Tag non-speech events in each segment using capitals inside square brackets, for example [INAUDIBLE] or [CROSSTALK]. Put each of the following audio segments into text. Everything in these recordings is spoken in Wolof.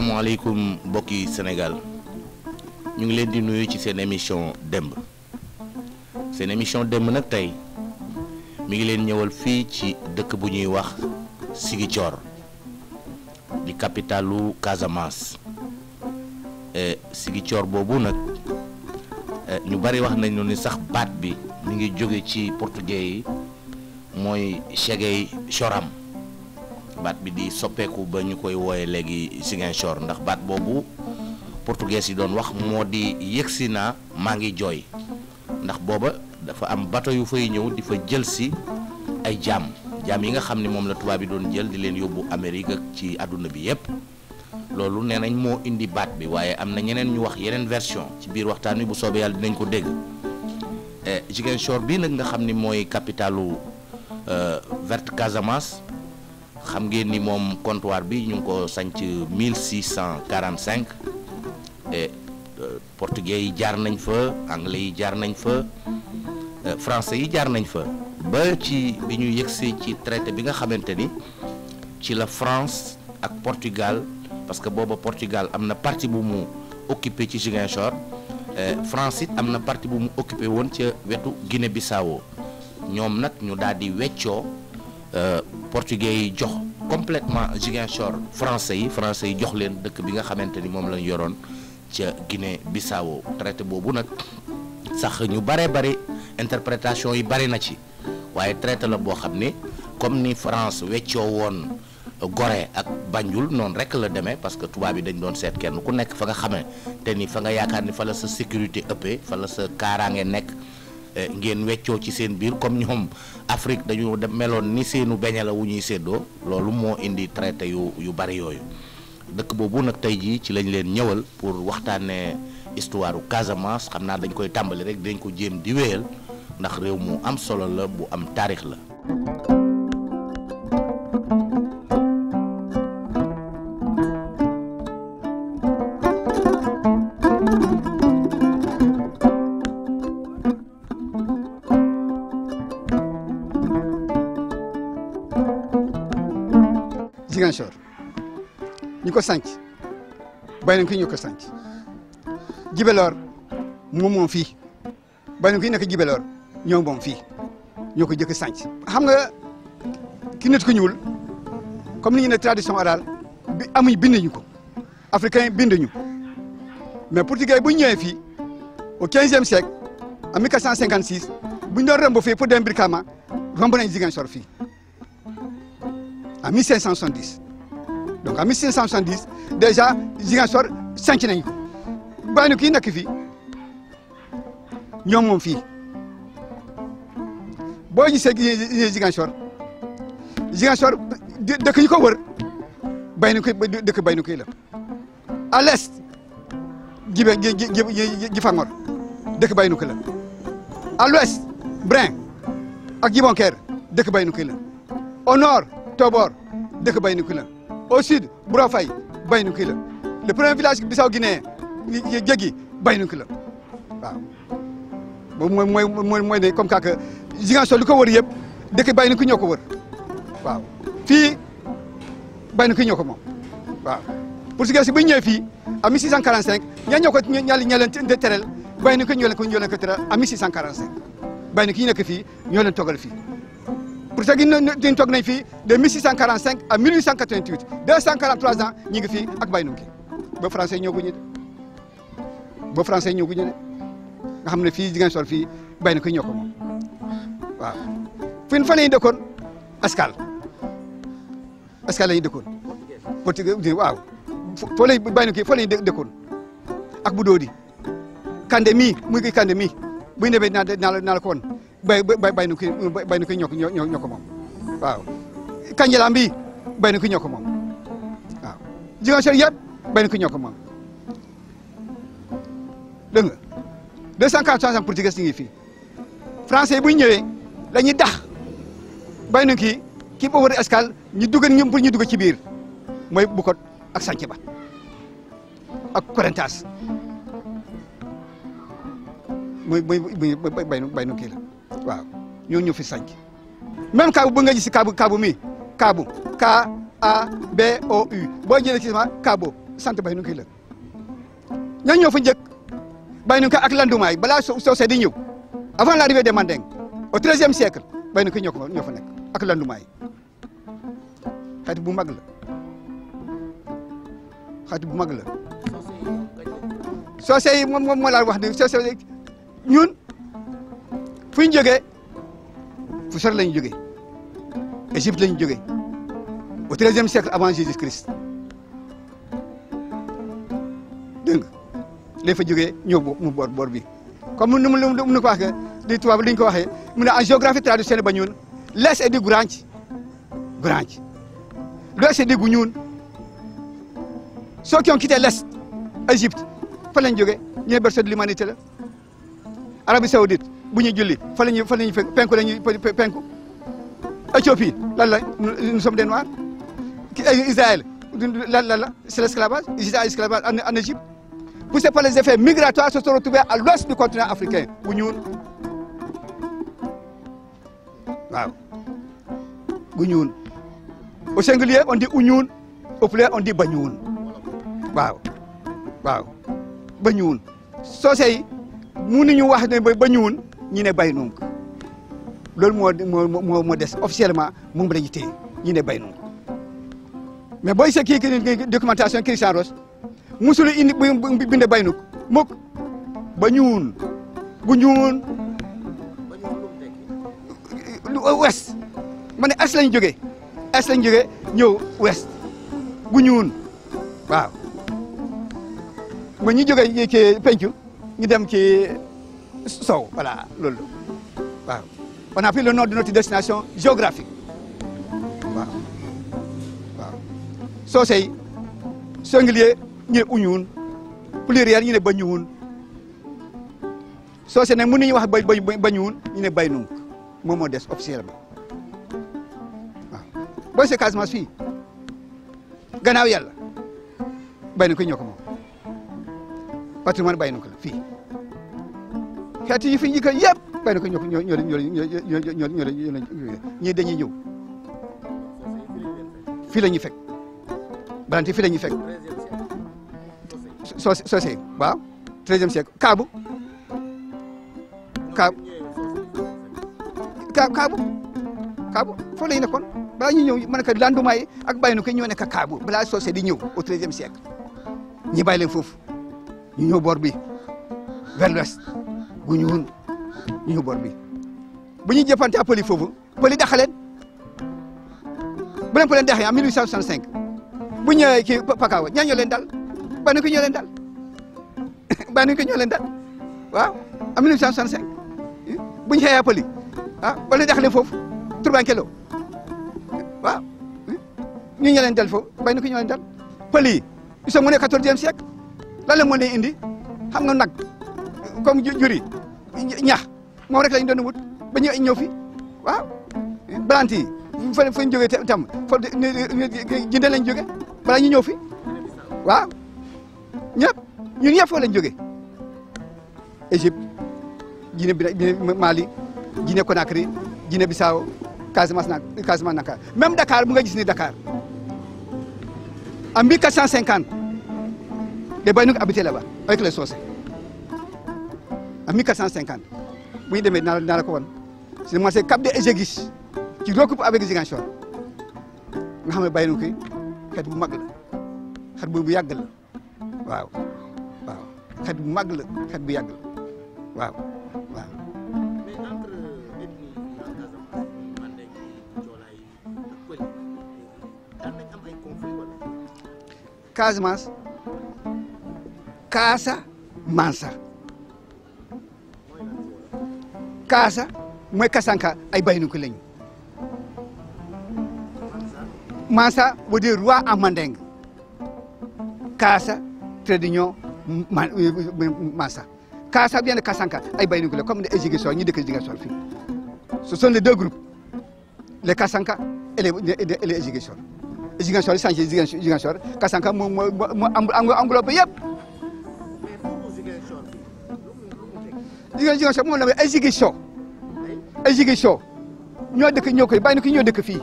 asalaamaaleykum mbokki senegal ñu ngi leen di nuyu ci seen émission démb seen émission démb nag tey mi ngi leen ñëwal fii ci dëkk bu ñuy wax Ziguinchor di capitalu Casamance e, Ziguinchor boobu nag e, ñu bari wax nañu ni sax baat bi mi ngi jóge ci portugais yi mooy Cheguei Choram. baat bi di soppeeku ba ñu koy wooyee léegi Ziguinchor ndax baat boobu portugais yi doon wax moo di yëgsi naa maa ngi jooy ndax booba dafa am bato yu fay ñëw di fa jël si ay jaam jaam yi nga xam ne moom la tubaab yi doon jël di leen yóbbu Amérique ci àdduna bi yépp loolu nee nañ moo indi baat bi waaye am na ñeneen ñu wax yeneen version ci biir waxtaan wi bu soobee yàlla dinañ ko dégg eh, Ziguinchor bii nag nga xam ni mooy capitalu euh, verte Casamance xam ngeen ni moom comptoir bi ñu ngi ko sanc 1645 et euh, portugais yi jaar nañ fa anglais yi jaar nañ fa euh, français yi jaar nañ fa ba ci bi ñu yëgsee ci traité bi nga xamante ni ci la France ak Portugal parce que booba Portugal am na parti bu mu occupé ci Ziguinchor euh, France it am na parti bu mu occupé woon ca wetu Guinée Bissau ñoom nag ñu daal di weccoo portugais yi jox complètement Ziguinchor français yi français yi jox leen dëkk bi nga xamante ni moom lañ yoroon ca Guinée Bissau traité boobu nag sax ñu bare bare interprétation yi bari na ci waaye traité la boo xam ne comme ni France weccoo woon gore ak Banjul noonu rek la demee parce que tubaab yi dañ doon seet kenn ku nekk fa nga xamee te ni fa nga yaakaar ni fa la sa sécurité ëppee fa la sa kaaraange nekk Eh, ngeen weccoo ci seen biir comme ñoom Afrique dañu meloon ni seenu beñe wu ñuy séddoo loolu moo indi traité yu yu bari yooyu dëkk boobu nag tey jii ci lañ leen ñëwal pour waxtaanee histoire u Casamance xam naa dañ koy tàmbali rek dañ ko jéem di wéyal ndax réew mu am solo la bu am taarix la. ko sànc bay nañ ko ñu ko sànc jibeloor moom moom fii bay nañ ko jibeloor ñoo moom fii ñoo ko jëkk sànc xam nga ki nit ku ñuul comme ni ñu ne tradition orale bi amuñ binduñu ko africain binduñu mais portugais bu ñu ñëwee fii au quinzième siècle en 1456 bu ñu doon romb fii pour dem Brikama romb nañ Ziguinchor fii en donc en 1670 déjà Ziguinchor sanc nañ ko bàyyi na kii nekk fii ñoom moom fii boo gisee Ziguinchor Ziguinchor dëkk yi ko wër bay na koy dëkk bay na koy la à l'est jibe jifangor dëkk bay na la à l'ouest ak Jibonker dëkk bay na koy la au nord Tobor dëkk bay na koy la au sud Bourafay Baynu kii la le premier village Bissau Guinée jéggi Baynu kii la waaw boobu mooy mooy mooy ne comme ça que Ziguinchor lu ko wër yëpp dëkk Baynu kii ñoo ko wër waaw fii Baynu kii ñoo ko moom waaw portugais yi bu ñu ñëwee fii en 1645 ñaa ñoo ko ñaali ñaa leen tereel Baynu kii ñoo leen ko ñoo leen ko teral en 1645 Baynu kii ñu nekk fii ñoo leen toggal fii pour ceux qui ñu toog nañ fii de 1645 à 1888 243 ans ñu ngi fii ak Baye Nunki ba français ñoo ko ñu de ba français ñoo ko ñu de nga xam ne fii jigéen sol fii Baye Nunki ñoo ko moom waaw fi fa la ñu dëkkoon Escale Escale la ñu dëkkoon portugais waaw ñu dëkkoon ak bu doodi kande mi muy kii kande mii bu ñu demee dinaa bay bay bay nu ki bay nu ki ñoo ko ko moom waaw Kanjalam bi bay nu ki ñoo ko moom waaw bay nu ki ñoo ko moom dégg nga deux cent quarante portugais ñu ngi fii français bu ñu la ñuy dax bay nu ki kii boobu wër escale ñu dugal ñoom pour ñu dugg ci biir mooy Bukot ak Sànc ba ak Korentas mooy mooy bay nu bay nu la waaw ñoo ñu fi sanc même kaabu bu nga si kaabu kaabu mi kaabu K A B O U boo jëlee ci sama kaabo sant bay nu kii la ñooñu ñoo bay nu ak landumaay balaa soosee di avant l'arrivée des Mandingues au treizième siècle bay nu ko ñoo ko ak landumaay xeet bu mag la xeet bu mag la soosee moo laa wax ne soosee ñun fu ñu jógee fu sori la ñu jógee Égypte la ñu jógee au treizième siècle avant Jésus-Christ dégg nga lay fa jóge ñëw mu boor boor bi comme nu mu nu mu ko waxee li tubaab li ñu ko waxee mu ne en géographie traditionnelle ba ñuul l'est est du Grange Grange l'ouest est du Gounoune ceux qui ont quitté l'est Égypte fa lañ jóge ñooy berceau de l'humanité la Arabie Saoudite bu ñuy julli fa la ñuy la ñuy penku la ñuy penku Éthiopie lan la nous sommes des noirs Israël lan lan la c'est l'esclavage Israël esclavage en Égypte poussé par les effets migratoires se sont retrouvés à l'ouest du continent africain bu ñuul waaw bu ñuul au singulier on dit uñuul au pluriel on dit ba ñuul waaw waaw ba ñuul soose yi mënuñu wax ba ñuul ñu ne bay noonu loolu moo moo moo des officiellement moom la ñu téye ñu ne bay noonu ko mais booy sa kii documentation Christian Ross musulu indi binde bay nu ko mukk ba ñuun bu ñuun west ma ne as lañ jógee as ñëw west bu ñuun waaw ma ñu jógee ci pencu ñu dem ci soow voilà loolu waaw on a pris le nom de notre destination géographique waaw soosey singulier ñu ne uñuwun pluriel ñu ne bañuwun soosey nag mën nañu wax bay bay ñu ne bay nunk moom moo des officiellement waaw booy see Casamance fii gannaaw yàlla bay na ko ñoo ko patrimoine bay na ko la fii xeet yi fi njëkk yëpp benn ko ñoo ñoo ñoo ñoo ñoo ñii dañuy ñëw fii la ñuy fekk balante fii la ñuy fekk soose soose waaw treizième siècle kaabu kaabu kaabu kaabu foo lay nekkoon balaa ñuy ñëw man ka landuma yi ak bàyyi na ko ñoo nekk kaabu balaa soose di ñëw au treizième siècle ñi bàyyi leen foofu ñu ñëw boor bi vers l'ouest guñu woon ñu bi bu ñuy jëfante ak pël yi foofu pël yi dàq leen bu leen pël dàqee en 1865 bu ñëwee kii Pakaaw ñaa ñoo leen dal bànn ko ñoo dal [LAUGHS] bànn ko ñoo dal waaw en 1865 bu ñu xëyee ak pël yi ah ba leen dàq leen foofu Turbankelo waaw ñu ñoo leen dal foofu bànn ko ñoo dal pël yi mu ne 14e siècle lan la moo indi xam nga nag. comme juri ñax moom rek lañ doon wut ba ñu ñëw fi waaw plante yi ñu jógee tam fa jënde lañ jóge balaa ñu ñëw fi waaw ñëpp ñun ñëpp foofu lañ jógee Égypte Guinée bi Mali Guinée Conakry Guinée Bissau Casamance na Casamance naka même Dakar bu nga gis ni Dakar en 1450 les Baïnouk habitaient là-bas avec les Socé à 1450 bu ñu demee dinaa la ko won c'est le marché Cap de Égéguis ci recoupe avec Ziguinchor nga xam ne bàyyi bu mag la bu yàgg la waaw waaw xet bu mag la bu yàgg waaw waaw. mais entre kaasa mooy kasanka ay baynuku lañ mansa wode roi en mandeng kaasa tradition mansa kaasa bien kasanka ay baynuku la comme ne Ziguinchor ñu dëkk Ziguinchor fii ce sont les deux groupes les kasanka et les et les Ziguinchor Ziguinchor yi changé Ziguinchor kasanka moo moo moo englobé yëpp jigéen Ziguinchor moom la may ay Ziguinchor ay Ziguinchor ñoo dëkk ñoo koy bàyyi na ñoo dëkk fii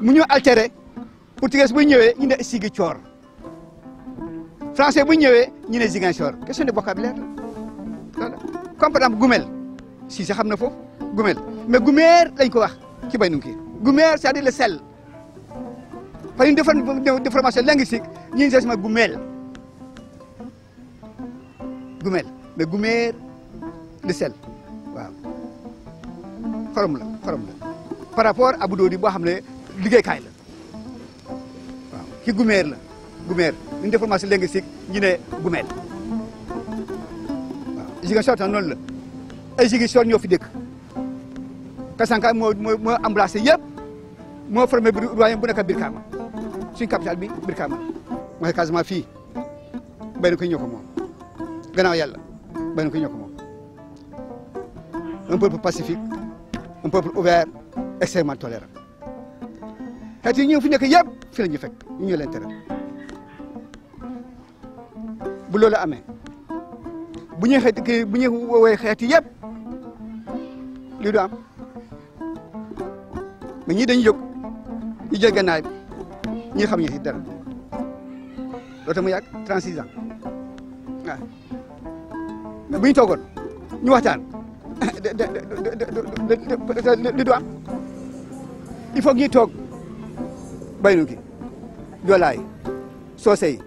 mu ñu altéré portugais bu ñëwee ñu ne Ziguinchor français bu ñëwee ñu ne Ziguinchor question de vocabulaire la voilà comme par exemple Gumel si sa xam na foofu Gumel mais Gumer lañ ko wax ci bay nu ki Gumer c'est-à-dire le sel par une déformation linguistique ñu ne c'est Gumel Gumel le gouméer le waaw xorom la xorom la par rapport abu doodi boo xam ne liggéeykaay la waaw ki gouméer la gouméer une déformation linguistique ñu ne gouméer waaw Ziguinchor tam noonu la ay Ziguinchor ñoo fi dëkk Kasanka moo moo moo embrasé yëpp moo formé royaume bu nekk Birkama suñ capitale bi Birkama mooy Casamance fii béy na ko ñoo moom gannaaw yàlla benn kii ñoo ko moom un peuple pacifique un peuple ouvert extrêmement tolérant xeet yi ñu fi nekk yëpp fi la ñu fekk ñu ñu bu loolu amee bu ñuy xeet kii bu lii du am mais ñii dañuy jóg ñu jël gànnaay ñi xam ñu si dara loolu tax mu yàgg 36 mais bu ñu toogoon waxtaan li du am il faut que ñuy toog baynu ki jolaay soose yi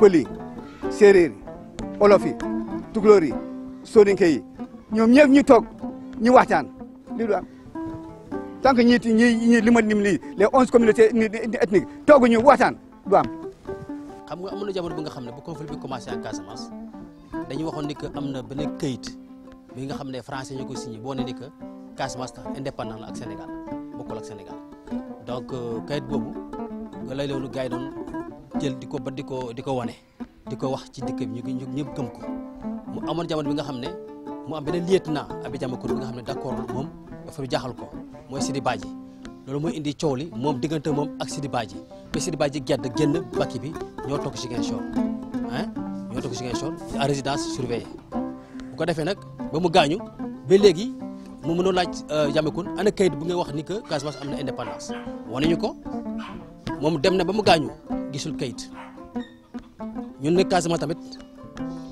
pël yi séeréer yi olof yi tukulóor yi ñoom ñëpp ñu toog ñu waxtaan li du am tant que ñi ñi ñi li ma nim lii les onze communautés ethniques tooguñu waxtaan du am xam nga amoon na jamono bu nga xam ne bu conflit bi commencé a Casamance dañu waxoon ni am na benn kayit bi nga xam ne français ñu ko signé boo ne ni que Casamance tax indépendant ak Sénégal bokkul ak Sénégal donc euh, kayit boobu nga lay loolu gars jël di ko ba di ko di ko wane di ko wax ci dëkk bi ñu ñëpp gëm ko mu amoon jamono bi nga xam ne mu am beneen lieutenant abi jamakour bi nga xam ne d'accord moom dafa jaaxal ko mooy Sidi Badji loolu mooy indi coow li moom diggante moom ak Sidi Badji si Sidi Badji gedd génn bakki bi ñoo toog Ziguinchor ah ñoo tax ko Ziguinchor à résidence surveillée bu ko defee nag ba mu gaañu ba léegi mu mënoo laaj Jambacoune euh, ana kayit bu ngay wax ni que Casamance am na indépendance wane ñu ko moom dem na ba mu gaañu gisul kayit ñun nag Casamance tamit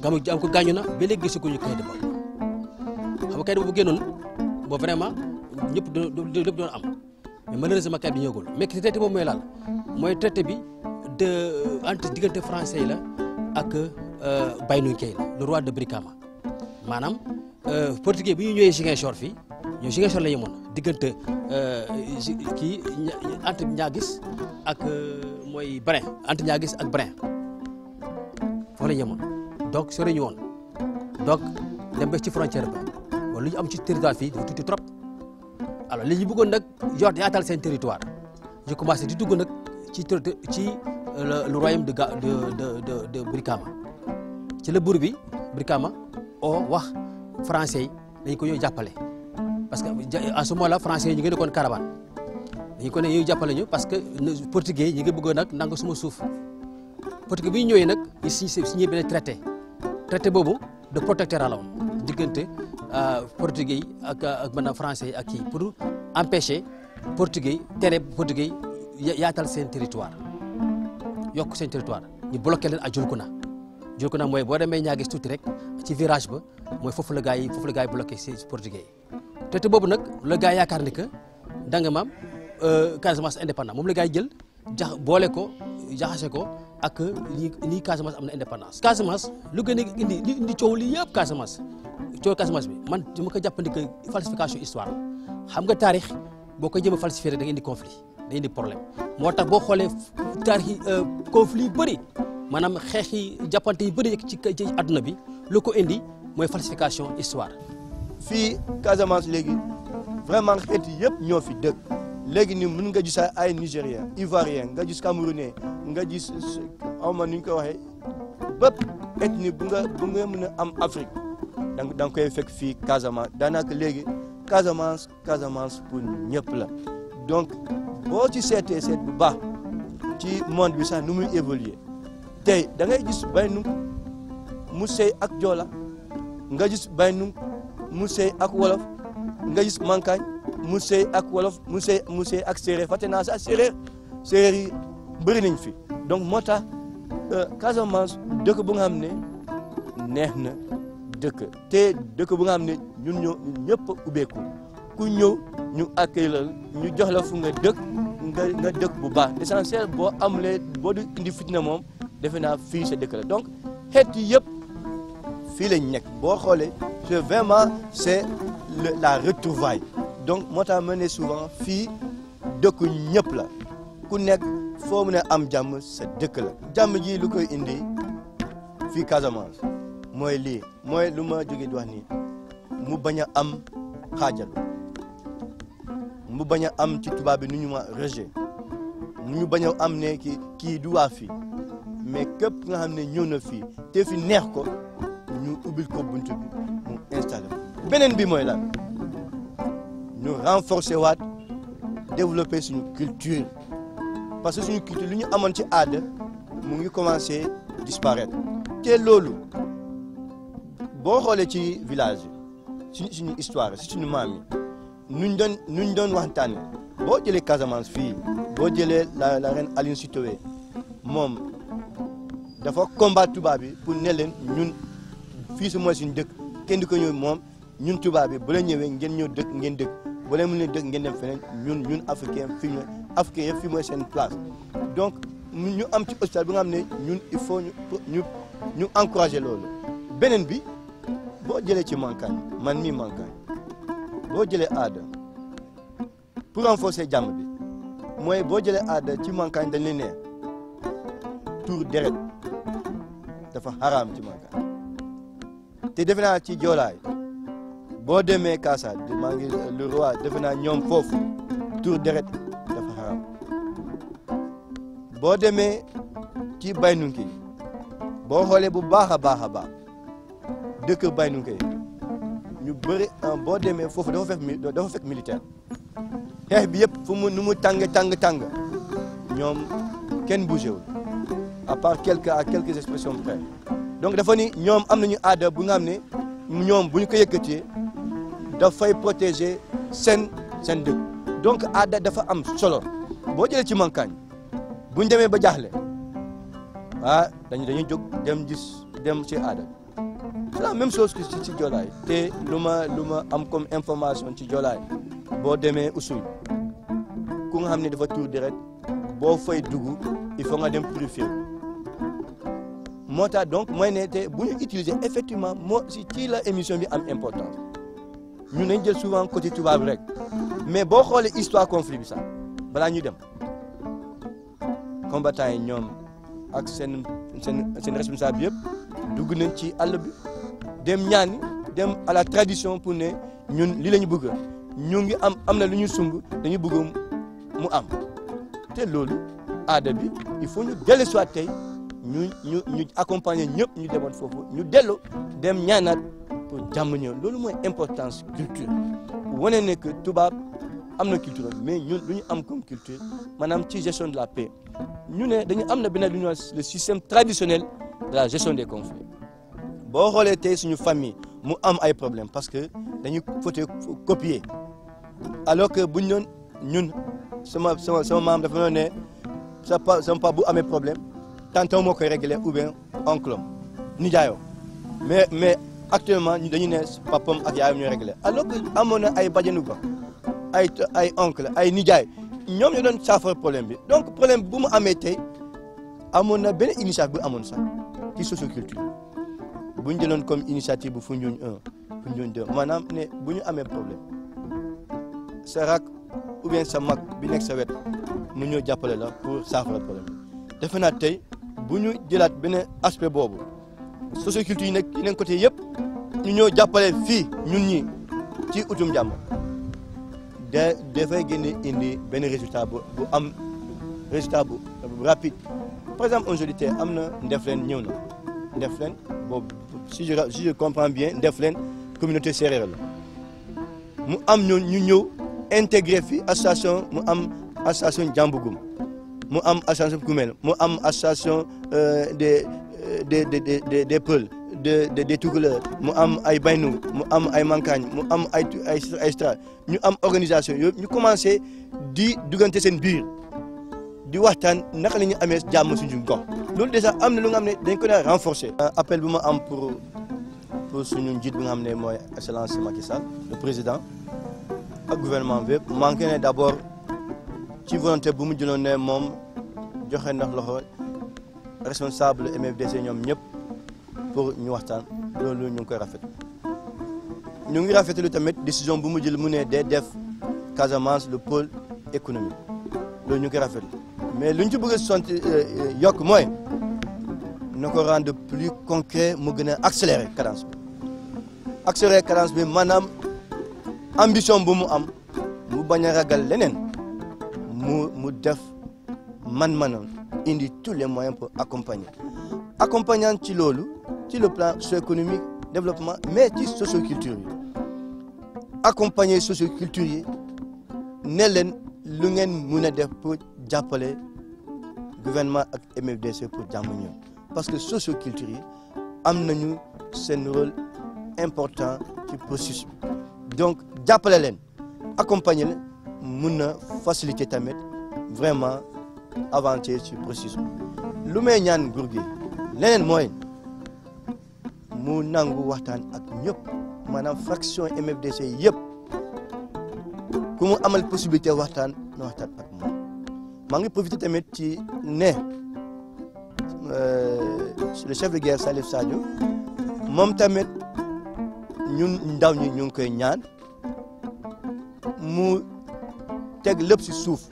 gam am ko gaañu na ba léegi gisaguñu kayit ba xam nga kayit boobu génnoon ba vraiment ñëpp du lépp doon am mais malheureusement kayit bi ñëwagul mais traité boobu mooy laal mooy traité bi de entre diggante français yi la ak. Euh, Bainou Kay la le roi de Brikama maanaam euh, portugais bi ñu ñëwee Ziguinchor fii ñoom Ziguinchor la yemoon diggante euh, kii Anta Ñaagis ak mooy Brin Anta Ñaagis ak Brin foofu la yemoon donc sori ñu woon donc dem ba ci frontière ba wala lu ñu am ci territoire fii dafa tuuti trop alors li ñu bëggoon nag yor yaatal seen territoire ñu commencé di dugg nag ci ci lu royaume de de de de Brikama. ci la buur bi Brikama oo wax français yi dañ ko ñëw jàppale parce que à ce la là français yi ñu ngi nekkoon caravane dañu ko ne yow jàppale ñu parce que portugais ñi ngi bëggoon nag nangu suma suuf portugais bi ñu ñëwee nag ñu signé benn traité traité boobu de protectorat la woon diggante euh, portugais ak ak maanaam français ak kii pour empêcher portugais tere portugais yaatal seen territoire yokk seen territoire ñu bloqué leen à Julkuna jur ko nag mooy boo demee ñaagis tuuti rek ci virage ba mooy foofu la gaa yi foofu la gaa yi bloqué si portugais yi te te boobu nag la gaa yaakaar ni que danga maam euh, Casamance indépendant moom la gaa jël jax boole ko jaxase ko ak lii lii Casamance am na indépendance. Casamance lu gën a indi li indi coow li yëpp Casamance coow Casamance bi man dama ko jàppandi que falsification histoire xam nga taarix boo ko jëm a falsifié rek da nga indi conflit da indi problème moo tax boo xoolee taarix euh, conflit yu bëri. maanaam xeex yi jàppante yu ci ci adduna bi lu ko indi mooy falsification histoire. fii Casamance léegi vraiment xeet yëpp ñoo fi dëkk léegi ni mun nga gis ay Nigérien Ivoirien nga gis Camerounais nga gis xaw ma nu ñu koy waxee bépp ethnie bu nga bu nga mën a am Afrique da nga koy fekk fii Casamance daanaka léegi Casamance Casamance pour ñëpp la donc boo ci seetee seet bu baax ci monde bi sax nu muy évoluer. tey da ngay gis bay nu mu sey ak joola nga gis bay nu mu sey ak wolof nga gis mankaañ mu sey ak wolof mu sey mu sey ak séeréer fàtte naa sax séeréer séeréer yi bëri nañ fi donc moo tax euh, Casamance dëkk bu nga xam ne neex na dëkk te dëkk bu nga xam ne ñun ñoo ñëpp ubbeeku ku ñëw ñu ak accueillir ñu jox la fu nga dëkk nga dëkk bu baax l'essentiel bo amulee boo du indi fitna moom defe naa fii sa dëkk la donc xeet yi yëpp fii lañ nekk boo xoolee c'est vraiment c'est la retrouvaille donc moo tax ma ne souvent fii dëkku ñëpp la ku nekk foo ne am jàmm sa dëkk la jàmm ji lu koy indi fii Casamance mooy lii mooy lu ma jóge di wax ni mu bañ a am xaajalu mu bañ a am ci tubaab bi nu ñu ma rejet nu ñu bañ a am ne kii du waa fii mais képp nga xam ne ñëw na fii te fi neex ko ñu ubbil ko bunt bi mu installé beneen bi mooy lan ñu renforcer waat développer suñu culture parce que suñu culture lu ñu amoon ci aada mu ngi commencé disparaître te loolu boo xoolee ci village yi suñu suñu histoire suñu maam yi nuñ doon nuñ doon waxtaane boo jëlee Casamance fii boo jëlee la la reine Aline moom dafa combattre tubaab bi pour ne leen ñun fii si mooy suñu dëkk kenn di ko ñëw moom ñun tubaab bi bu la ñëwee ngeen ñëw dëkk ngeen dëkk bu leen mën a dëkk ngeen dem feneen ñun ñun africain fii ñu africain yëpp fii mooy seen place donc ñu am ci hôpital bi nga xam ne ñun il faut ñu ñu ñu encourager loolu beneen bi boo jëlee ci mankaan man mii mankaan boo jëlee aada pour renforcer jàmm bi mooy boo jëlee aada ci mankaan dañ leen ne tour deret dafa xaraam ci makka te defe naa ci joolaay boo demee Kaasa maa euh, defe naa ñoom foofu tur deret dafa xaraam boo demee ci baynunki boo xoolee bu baax a baax a baax dëkk baynunki ñu bëri euh, boo demee foofu dafa fekk dafa fekk militaire bi yëpp nu mu tàng tàng tàng ñoom kenn bougé à part quelques à quelques expressions donc dafa ni ñoom am nañu aada bu nga xam ne ñoom bu ñu ko yëkkatee dafay protéger seen seen dëkk donc aada dafa am solo boo jëlee ci mankaañ bu ñu demee ba jaaxle ah dañu dañuy jóg dem gis dem ci aada c'est la même chose ci ci te lu ma lu ma am comme information ci joolaay boo demee usul ku nga xam ne dafa tuur deret boo fay dugg il faut nga dem purifier moo tax donc mooy ne te bu ñu utiliser effectivement moo si ci la émission bi am important ñun nañ jël souvent côté tubaab rek mais boo xoolee histoire conflit bi sax balaa ñu dem combattants yi ñoom ak seen seen responsable yëpp dugg nañ ci àll bi dem ñaani dem à la tradition pour ne ñun lii la ñu bëgg ñu ngi am am na lu ñu sumb dañu bëgg mu am te loolu aada bi il faut ñu dellu si waat tey ñu ñu ñu accompagner ñëpp ñu demoon foofu ñu dellu dem ñaanaat pour jàmm ñëw loolu mooy importance culture wane ne que tubaab am na culture mais ñu lu ñu am comme culture maanaam ci gestion de la paix ñu ne dañu am na benn lu ñuy le système traditionnel de la gestion des conflits boo xoolee tey suñu famille mu am ay problème parce que dañu photo copier alors que buñ doon ñun sama sama sama maam dafa doon ne sa pa sama pa bu amee problème tanton moo koy réglé ou bien oncle nijaayo mais mais actuellement ñu dañu ne papam ak yaayam ñoo réglé alors amoon na ay bajenu gox ay ay oncle ay nijaay ñoom ñoo doon saafara problème bi donc problème bu mu amee tey amoon na benn initiative bu amoon sax ci socioculture bu ñu jëloon comme initiative bu Foundiougne 1 Foundiougne maanaam ne bu ñu amee problème sa rak ou bien sa mag bi nekk sa wet mu ñëw jàppale la pour saafara problème defe naa tey bu ñu jëlaat beneen aspect boobu socioculture yi nekk yeneen côté yëpp ñu ñoo jàppale fii ñun ñi ci utum jàmm da dafay gën indi benn résultat bu bu am résultat bu rapide par exemple aujourd'hui tey am na defleen ñëw na Ndefleng boobu si je si je comprends bien Ndefleng communauté séeréer la mu am ñoo ñu ñëw intégré fi association mu am association Jàmbugum mu am association Koumel mu am association euh, des euh, des des des des Peuls de de des mu am ay Baynou mu am ay Mankagne mu am ay ay ay Star ñu am organisation yooyu ñu commencé di duggante seen biir di waxtaan naka la ñu amee jàmm suñu gox loolu déjà am na lu nga xam ne dañ ko daa renforcer. Euh, appel bu ma am pour pour suñu njiit bi nga xam ne mooy excellence Macky Sall le président ak gouvernement bépp manqué ne d'abord. ci volonté bu mu jëloon ne moom joxe ndax loxo responsable MFDC ñoom ñëpp pour ñu waxtaan loolu ñu ngi koy rafetlu ñu ngi rafetlu tamit décision bu mu jël mu ne def Casamance le pôle économique loolu ñu ngi koy rafetlu mais lu ñu ci bëgg a sont euh, yokk mooy na ko rendre plus concret mu gën a accélérer cadence bi accélérer cadence bi maanaam ambition bu mu am mu bañ a ragal leneen. def man-manam indi tous les moyens pour accompagner accompagnant ci loolu ci le plan socio-économique développement mais ci socioculture yi accompagner socioculture yi ne leen lu ngeen mun a def pour jàppale gouvernement ak MFDC pour jàmm ñoom parce que socioculture yi am nañu seen rôle important ci processus donc jàppale leen accompagner leen mun na tamit vraiment avancer si processus lu may ñaan nguur gi leneen mooy mu nangu waxtaan ak ñëpp maanaam fraction MFDC yëpp ku mu amal possibilité waxtaan na waxtaan ak moom maa ngi profité tamit ci ne euh, le chef de guerre Salif Sadio moom tamit ñun ndaw ñi ñu ngi koy ñaan mu teg lépp si suuf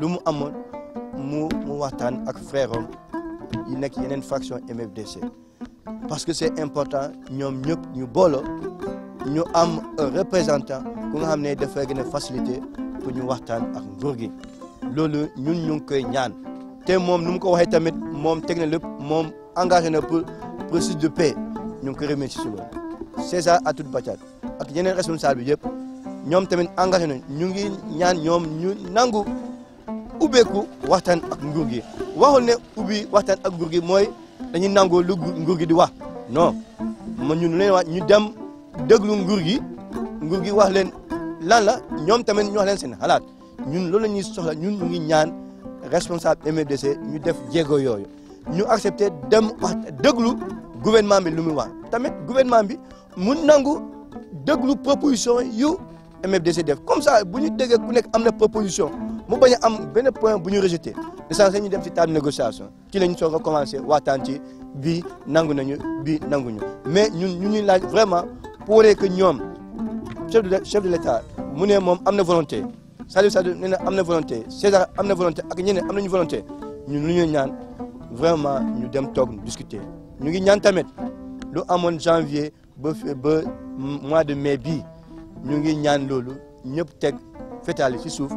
lu mu amoon mu mu waxtaan ak frère yi nekk yeneen faction MFDC parce que c'est important ñoom ñëpp ñu booloo ñu am un représentant ku nga xam ne dafay gën a facilité pour ñu waxtaan ak nguur gi loolu ñun ñu ngi koy ñaan te moom nu mu ko waxee tamit moom teg lépp moom engagé na pour processus de paix ñu ngi ko remercier ci loolu César Atoute Badiate ak yeneen responsable bi yëpp ñoom tamit engagé nañ ñu ngi ñaan ñoom ñu nangu ubbeeku waxtaan ak nguur gi waxul ne ubbi waxtaan ak nguur gi mooy dañuy nangoo lu nguur gi di wax non ma ñun leen wax ñu dem déglu nguur gi nguur gi wax leen lan la ñoom tamit ñu wax leen seen xalaat ñun loolu la ñuy soxla ñun ñu ngi ñaan responsable MFDC ñu def jéego yooyu ñu accepté dem wax déglu gouvernement bi lu muy wax tamit gouvernement bi mu nangu déglu proposition yu MFDC def comme ça bu ñu déggee ku nekk am na proposition mu bañ a am benn point bu ñu rejeté l'essentiel ñu dem ci table négociation ci la ñu soog a commencé waxtaan ci bii nangu nañu bii nanguñu mais ñun ñu ñuy laaj vraiment pour que ñoom chef de chef de l'État mu ne moom am na volonté Salif Sadio nee na am na volonté César am na volonté ak ñeneen am nañu volonté ñun lu ñu ñaan vraiment ñu dem toog discuter ñu ngi ñaan tamit lu amoon janvier ba ba mois de mai bii. ñu ngi ñaan loolu ñëpp teg fétal si suuf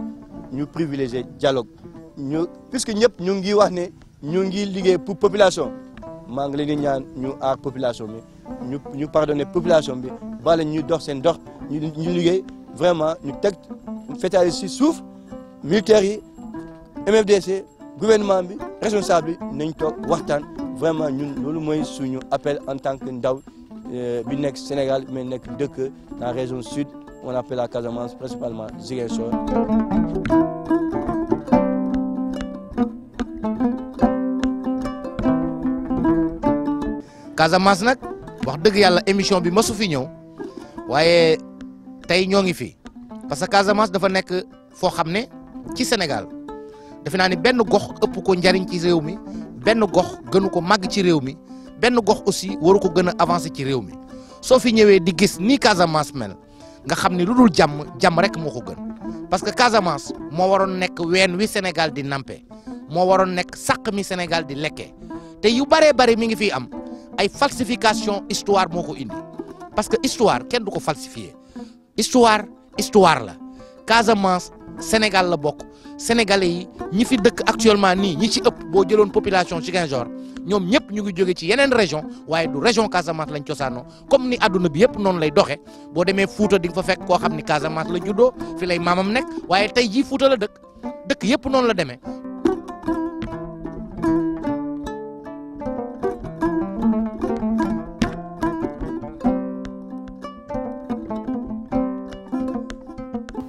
ñu privilégier dialogue ñu puisque ñëpp ñu ngi wax ne ñu ngi liggéey pour population maa ngi leen di ñaan ñu aar population bi ñu ñu pardonner population bi bala ñu dox seen dox ñu ñu liggéey vraiment ñu teg fétal si suuf militaires yi MFDC gouvernement bi responsable bi nañ toog waxtaan vraiment ñun loolu mooy suñu appel en tant que ndaw Euh, bi nekk Sénégal mais nekk dëkk dans région sud on appelle la Casamance principalement Ziguinchor. Casamance nag wax dëgg yàlla émission bi masu fi ñëw waaye tey ñoo ngi fi parce que Casamance dafa nekk foo xam ne ci Sénégal defe naa ni benn gox ëpp ko njariñ ci réew mi benn gox gënu ko màgg ci réew mi. benn gox aussi waru ko gën a avancer ci réew mi soo fi ñëwee di gis ni Casamance mel nga xam ni lu dul jàmm jàmm rek moo ko gën parce que Casamance moo waroon nekk ween wi Sénégal di nampe moo waroon nekk sàq mi Sénégal di lekkee te yu baree bare mi ngi fi am ay falsification histoire moo ko indi parce que histoire kenn du ko falsifier histoire histoire la Casamance Sénégal la bokk sénégalais yi ñi fi dëkk actuellement nii ñi ci ëpp boo jëloon population Ziguinchor ñoom ñëpp ñu ngi jóge ci yeneen région waaye du région Casamance lañ cosaanoo comme ni àdduna bi yëpp noonu lay doxee boo demee Fuuta di nga fa fekk koo xam ni Casamance la juddoo fi lay maamam nekk waaye tey jii Fuuta la dëkk dëkk yëpp noonu la demee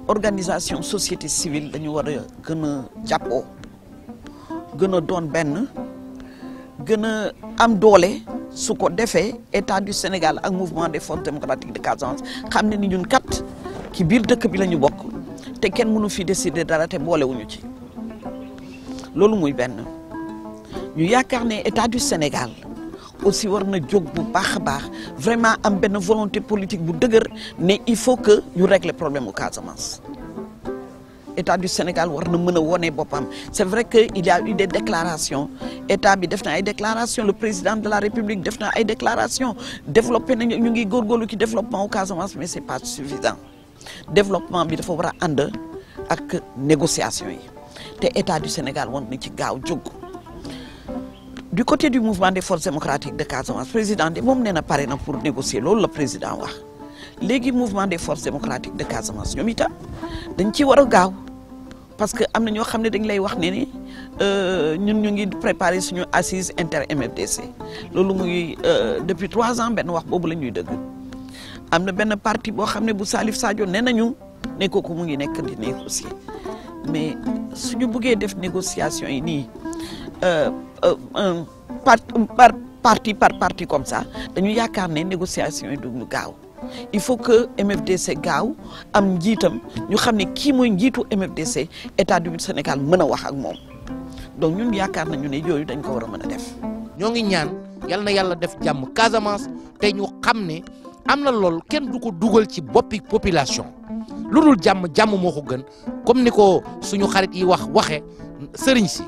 organisation société civile lañu war a gën a jàppoo gën a doon benn gën a am doole su ko defee état du Sénégal ak mouvement des forces démocratiques de Casamance xam ne ni ñun kat ci biir dëkk bi la bokk te kenn mënu fi décider dara te boolewuñu ci loolu muy benn ñu yaakaar ne état du Sénégal aussi war na jóg bu baax a baax vraiment am benn volonté politique bu dëgër ne il faut que ñu régler problème mu Casamance. état du Sénégal war na mën a wone boppam c' est vrai que il y a eu des déclarations état bi def na ay déclarations le président de la république def na ay déclarations développé nañu ñu ngi góorgóorlu ci développement au Casamance mais c' est pas suffisant développement bi dafa war a ànd ak négociation yi te état du Sénégal war na ci gaaw jóg. du côté du mouvement des forces démocratiques de Casamance président de moom nee na pare na pour négocier loolu la président wax léegi mouvement des forces démocratiques de Casamance ñoom itam dañ ciy war a gaaw parce que am na ñoo xam ne dañ lay wax ne ni euh, ñun ñu ngi préparer suñu assise inter MFDC loolu muy euh, depuis trois ans benn wax boobu la ñuy dëgg am na benn parti boo xam ne bu saalif Sadio nee nañu ne ko mu ngi nekk di négocier mais suñu buggee def négociation yi nii. un euh, euh, euh, par parti par parti comme ça dañu yaakaar ne négociation yi duñu gaaw il faut que MFDC gaaw am njiitam ñu xam ne kii mooy njiitu MFDC état du Sénégal mën a wax ak moom donc ñun yaakaar nañu ne yooyu dañ ko war a mën a def. ñoo ngi ñaan yal na yàlla def jàmm Casamance te ñu xam ne am na lool kenn du ko dugal ci boppi population lu dul jàmm jàmm moo ko gën comme ni ko suñu xarit yi wax waxe sëriñ si.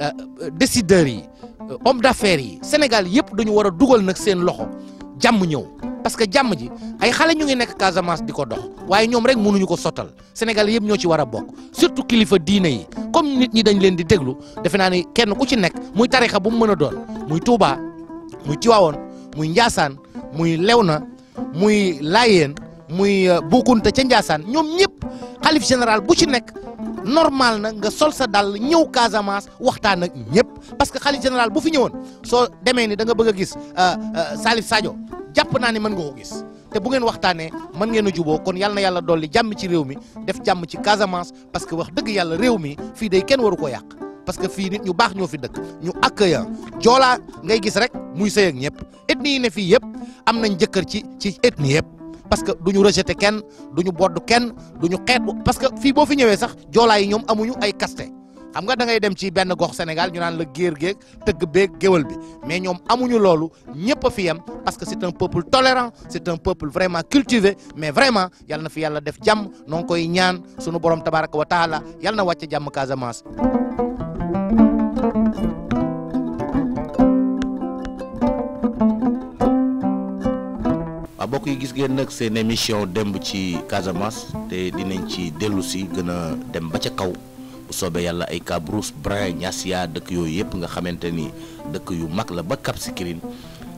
Euh, décideurs yi euh, homme d'affaires yi Sénégal yëpp dañu war a dugal nag seen loxo jàmm ñëw parce que jàmm ji ay xale ñu ngi nekk Casamance di ko dox waaye ñoom rek mënuñu ko sotal Sénégal yëpp ñoo ci war a bokk surtout kilifa diine yi comme nit ñi dañ leen di déglu defe naa ni kenn ku ci nekk muy tarixa bu mu mën a doon muy Touba muy Tiwaawoon muy Njaasaan muy Lewna muy Laayeen muy euh, Boukounta ca Ndiassane ñoom ñëpp xalif général bu ci nekk normal na nga sol sa dàll ñëw Casamance waxtaan ak ñëpp parce que xalif général bu fi ñëwoon soo demee ni danga nga bëgg a gis euh, euh, Salif Sadio jàpp naa ne mën nga ko gis te bu ngeen waxtaanee mën ngeen a juboo kon yal na yàlla dolli jàmm ci réew mi def jàmm ci Casamance parce que wax dëgg yàlla réew mi fii dey kenn waru ko yàq parce que fii nit ñu baax ñoo fi dëkk ñu accueillant joolaa ngay gis rek muy sëy ak ñëpp ethnie yi ne fii yëpp am nañ jëkkër ci ci ethnie yëpp. parce que du ñu rejeté kenn du ñu bodd kenn du ñu xeet parce que fii boo fi ñëwee sax joolaa yi ñoom amuñu ay kaste xam nga da dem ci benn gox Sénégal ñu naan la géer géeg tëgg beeg géwal bi mais ñoom amuñu loolu ñëpp a fi yem parce que c'est un peuple tolérant c'est un peuple vraiment cultivé mais vraiment yal na fi yàlla def jàmm noo ngi koy ñaan sunu boroom tabaraka wa taala yal na wàcce jàmm Casamance bokk yi gis ngeen nag seen émission démb ci Casamance te dinañ ci dellu si gën a dem ba ca kaw bu soobee yàlla ay cas Brousse Brin Niassia dëkk yooyu yëpp nga xamante ni dëkk yu mag la ba Cap Skirring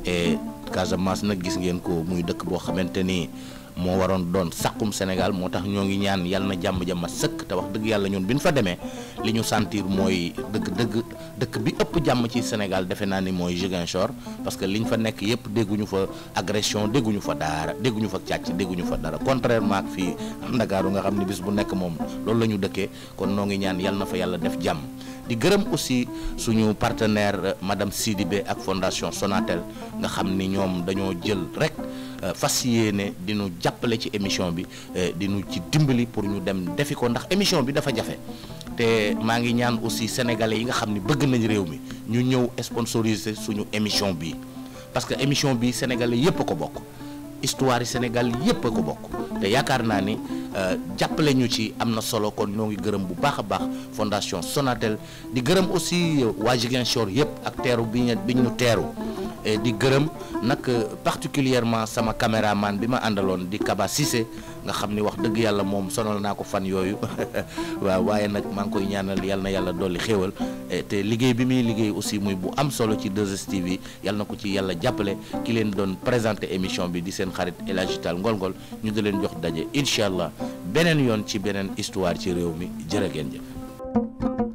et Casamance nag gis ngeen ko muy dëkk boo xamante ni moo waroon doon sàqum Sénégal moo tax ñoo ngi ñaan yàlla na jàmm jàmm sëkk te wax dëgg yàlla ñoon bi ñu fa demee. li ñu sentir mooy dëgg-dëgg dëkk bi ëpp jàmm ci Sénégal defe naa ni mooy Ziguinchor parce que liñ fa nekk yëpp dégguñu fa agression dégguñu fa daara dégguñu fa càcc dégguñu fa dara contrairement ak fii Ndakaaru nga xam ni bis bu nekk moom loolu la ñu dëkkee kon noo ngi ñaan yal na fa yàlla def jàmm. di gërëm aussi suñu partenaire madame Sidibé ak fondation Sonatel nga xam ni ñoom dañoo jël rek. Euh, fas yéene di nu jàppale ci émission bi euh, di nu ci dimbali pour ñu dem defi ko ndax émission bi dafa jafe te maa ngi ñaan aussi sénégalais yi nga xam ni bëgg nañ réew mi ñu ñëw sponsoriser suñu émission bi parce que émission bi sénégalais yépp a ko bokk histoire yi Sénégal yépp a ko bokk te yaakaar naa ni euh, jàppale ñu ci am na solo kon ñoo ngi gërëm bu baax a baax fondation Sonatel di gërëm aussi waa Ziguinchor yépp ak teeru bi bi ñu teeru di gërëm nag euh, particulièrement sama caméraman bi ma àndaloon di Kaba nga xam ni wax dëgg yàlla moom sonal naa ko fan yooyu [LAUGHS] waaw waaye nag maa ngi koy ñaanal yal na yàlla dolli xéewal te liggéey bi muy liggéey aussi muy bu am solo ci 2STV yi yal na ko ci yàlla jàppale ki leen doon présenté émission bi di seen xarit El Tall Ngol Ngol ñu di leen jox daje incha allah beneen yoon ci beneen histoire ci réew mi jërë ngeen jëf